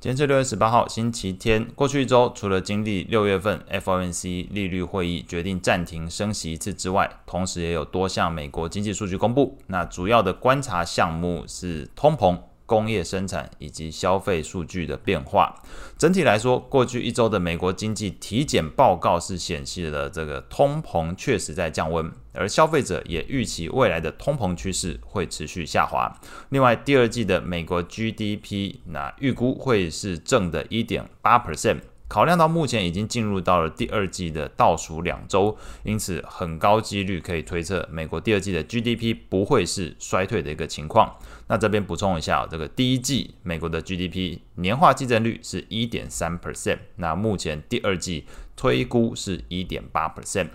今天是六月十八號，星期天。過去一周，除了經歷六月份 FOMC 利率會議決定暫停升息一次之外，同時也有多項美國經濟數據公布。那主要的觀察項目是通膨。工業生產以及消費數據的變化，整體來說，過去一周的美國經濟體檢報告是顯示了這個通膨確實在降溫，而消費者也預期未來的通膨趨勢會持續下滑。另外，第二季的美國 GDP 那預估會是正的1.8%。考量到目前已經進入到了第二季的倒數兩周，因此很高幾率可以推測，美國第二季的 GDP 不會是衰退的一個情況。那這邊補充一下，這個第一季美國的 GDP 年化季增率是一點三 percent，那目前第二季推估是一點八 percent。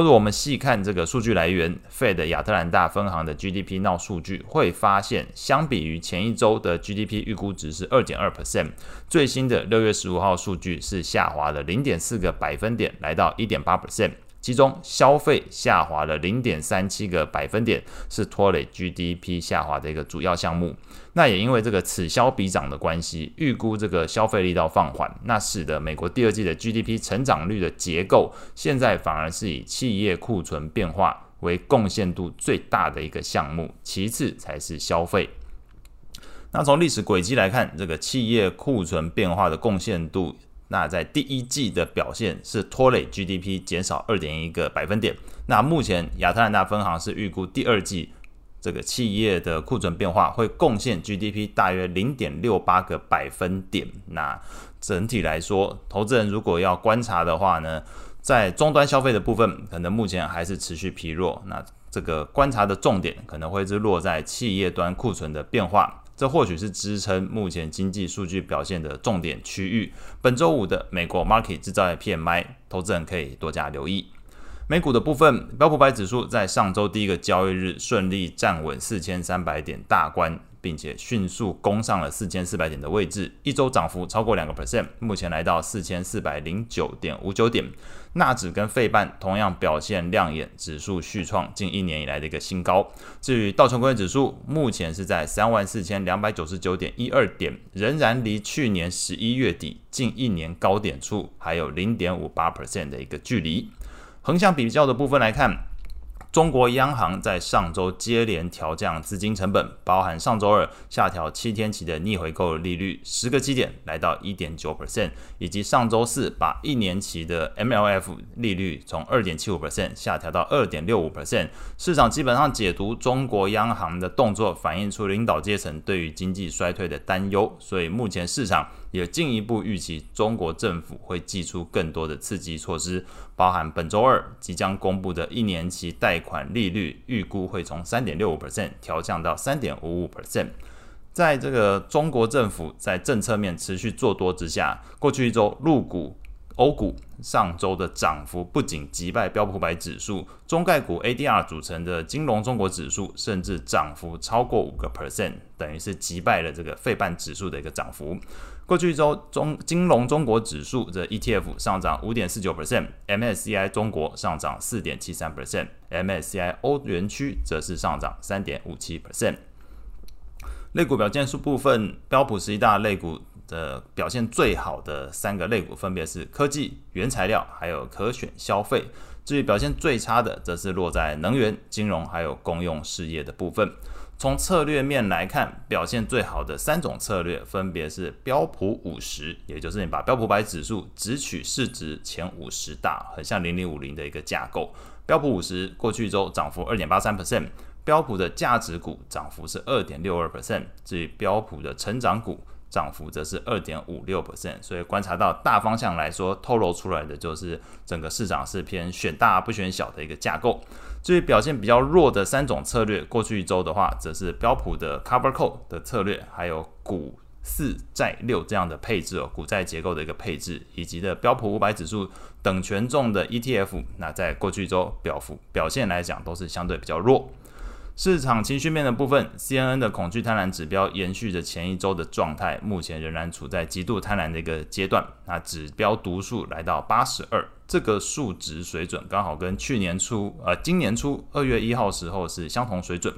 若我們細看這個數據來源，Fed 亞特蘭大分行的 GDP Now 數據，會發現，相比於前一周的 GDP 預估值是二點二 percent，最新的六月十五號數據是下滑了零點四個百分點，來到一點八 percent。其中消費下滑了零點三七個百分點，是拖累 GDP 下滑的一個主要項目。那也因為這個此消彼長的關係，預估這個消費力道放緩，那使得美國第二季的 GDP 成長率的結構，現在反而是以企業庫存變化為貢獻度最大的一個項目，其次才是消費。那從歷史軌跡來看，這個企業庫存變化的貢獻度，那在第一季的表現是拖累 GDP 減少二點一個百分點。那目前亞特蘭大分行是預估第二季這個企業的庫存變化會貢獻 GDP 大約零點六八個百分點。那整體來說，投資人如果要觀察的話呢，在終端消費的部分可能目前還是持續疲弱。那這個觀察的重點可能會是落在企業端庫存的變化。這或許是支撐目前經濟數據表現的重點區域。本周五的美國 Markit 製造業 PMI，投資人可以多加留意。美股的部分，標普白指數在上周第一個交易日順利站穩四千三百點大關。並且迅速攻上了四千四百點的位置，一周漲幅超過兩個 percent，目前來到四千四百零九點五九點。納指跟費半同樣表現亮眼，指數續創近一年以來的一個新高。至於道瓊工業指數，目前是在三萬四千兩百九十九點一二點，仍然離去年十一月底近一年高點處還有零點五八 percent 的一個距離。橫向比較的部分來看，中國央行在上周接連調降資金成本，包含上周二下調七天期的逆回購利率十個基點，來到一點九 percent，以及上周四把一年期的 MLF 利率從二點七五 percent 下調到二點六五 percent。市場基本上解讀中國央行的動作反映出領導階層對於經濟衰退的擔憂，所以目前市場。也進一步預期中國政府會祭出更多的刺激措施，包含本周二即將公布的一年期貸款利率，預估會從三點六五%調降到三點五五%。在這個中國政府在政策面持續做多之下，過去一周入股。歐股上周的漲幅不僅擊敗標普五百指數，中概股 ADR 組成的金融中國指數甚至漲幅超過五個 percent，等於是擊敗了這個費半指數的一個漲幅。過去一周中金融中國指數的 ETF 上漲五點四九 percent，MSCI 中國上漲四點七三 percent，MSCI 歐元區則是上漲三點五七 percent。類股表現數部分，標普十一大類股的表現最好的三個類股分別是科技、原材料，還有可選消費。至於表現最差的，則是落在能源、金融還有公用事業的部分。從策略面來看，表現最好的三種策略分別是標普五十，也就是你把標普百指數只取市值前五十大，很像零零五零的一個架構。標普五十過去一周漲幅二點八三 percent，標普的價值股漲幅是二點六二 percent。至於標普的成長股，漲幅則是二點五六%，所以觀察到大方向來說，透露出來的就是整個市場是偏選大不選小的一個架構。至於表現比較弱的三種策略，過去一周的話，則是標普的 Cover Call 的策略，還有股四債六這樣的配置哦，股債結構的一個配置，以及的標普五百指數等權重的 ETF，那在過去一周表幅表現來講都是相對比較弱。市場情緒面的部分，CNN 的恐懼貪婪指標延續着前一周的狀態，目前仍然處在極度貪婪的一個階段。那指標讀數來到八十二。這個數值水準剛好跟去年初，呃今年初二月一號時候是相同水準。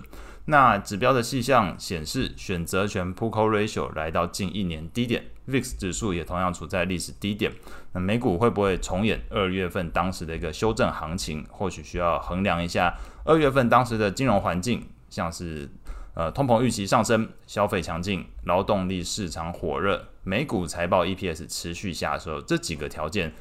那指標的細項顯示，選擇權 put call ratio 來到近一年低點，VIX 指數也同樣處在歷史低點。那美股會不會重演二月份當時的一個修正行情？或許需要衡量一下二月份當時的金融環境，像是呃通膨預期上升、消費強勁、勞動力市場火熱、美股財報 EPS 持續下收這幾個條件。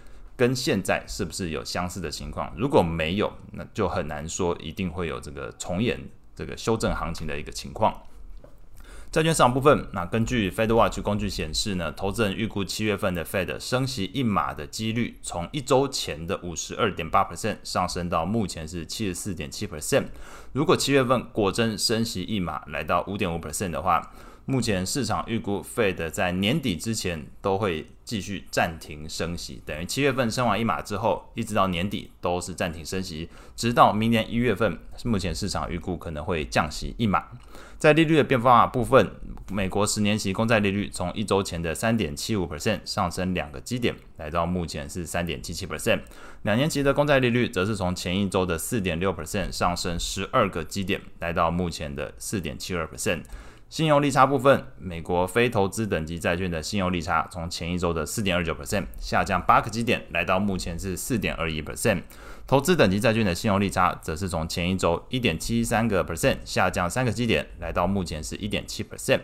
跟現在是不是有相似的情況？如果沒有，那就很難說一定會有這個重演，這個修正行情的一個情況。債券市場部分，那根據 Fed Watch 工具顯示呢，投資人預估七月份的 Fed 升息一碼的幾率，從一周前的五十二點八 percent 上升到目前是七十四點七 percent。如果七月份果真升息一碼，來到五點五 percent 的話，目前市場預估 Fed 在年底之前都會繼續暫停升息，等於七月份升完一碼之後，一直到年底都是暫停升息，直到明年一月份。目前市場預估可能會降息一碼。在利率的變化的部分，美國十年期公債利率從一周前的三點七五 percent 上升兩個基點，來到目前是三點七七 percent。兩年期的公債利率則是從前一周的四點六 percent 上升十二個基點，來到目前的四點七二 percent。信用利差部分，美國非投資等級債券的信用利差從前一周的四點二九 percent 下降八個基點，來到目前是四點二一 percent。投資等級債券的信用利差則是從前一周一點七三個 percent 下降三個基點，來到目前是一點七 percent。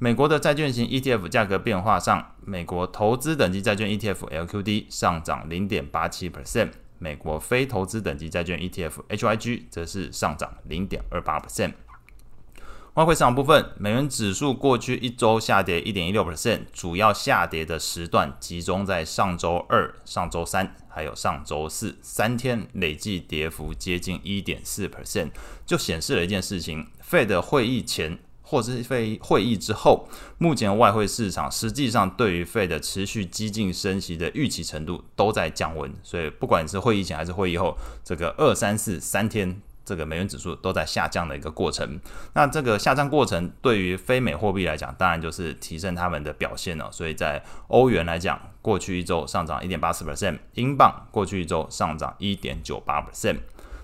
美國的債券型 ETF 價格變化上，美國投資等級債券 ETF LQD 上漲零點八七 percent，美國非投資等級債券 ETF HYG 則是上漲零點二八 percent。外匯市場部分，美元指數過去一周下跌一點一六 percent，主要下跌的時段集中在上周二、上周三，還有上周四，三天累計跌幅接近一點四 percent，就顯示了一件事情：Fed 的會議前或是 Fed 會議之後，目前外匯市場實際上對於 Fed 持續激進升息的預期程度都在降溫。所以，不管是會議前還是會議後，這個二三四三天。這個美元指數都在下降的一個過程，那這個下降過程對於非美貨幣來講，當然就是提升他們的表現了哦。所以在歐元來講，過去一周上漲一點八四 percent；英鎊過去一周上漲一點九八 percent。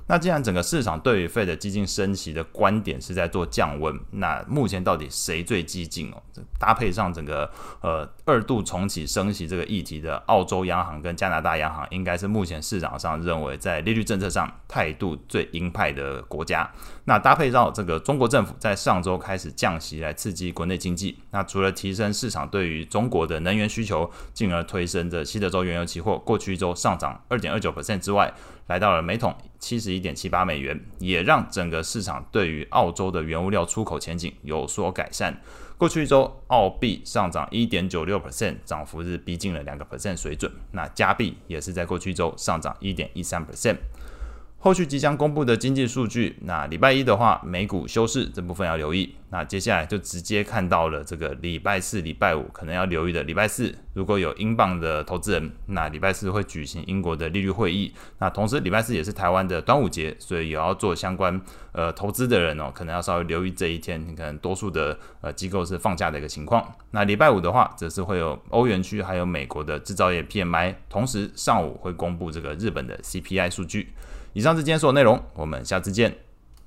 那既然整個市場對於 Fed 的激進升息的觀點是在做降溫，那目前到底誰最激進哦？搭配上整個呃二度重啟升息這個議題的澳洲央行跟加拿大央行，應該是目前市場上認為在利率政策上態度最鷹派的國家。那搭配到這個中國政府在上週開始降息來刺激國內經濟，那除了提升市場對於中國的能源需求，進而推升的西德州原油期貨過去一週上漲二點二九 percent 之外，來到了每桶七十。一點七八美元，也讓整個市場對於澳洲的原物料出口前景有所改善。過去一週，澳幣上漲一點九六 percent，漲幅是逼近了兩個 percent 水準。那加幣也是在過去一週上漲一點一三 percent。後續即將公布的經濟數據，那禮拜一的話，美股休市這部分要留意。那接下來就直接看到了這個禮拜四、禮拜五可能要留意的禮拜四，如果有英鎊的投資人，那禮拜四會舉行英國的利率會議。那同時，禮拜四也是台灣的端午節，所以也要做相關呃投資的人哦，可能要稍微留意這一天。你可能多數的呃機構是放假的一個情況。那禮拜五的話，則是會有歐元區還有美國的制造業 PMI，同時上午會公布這個日本的 CPI 數據。以上是今天所有內容，我們下次見。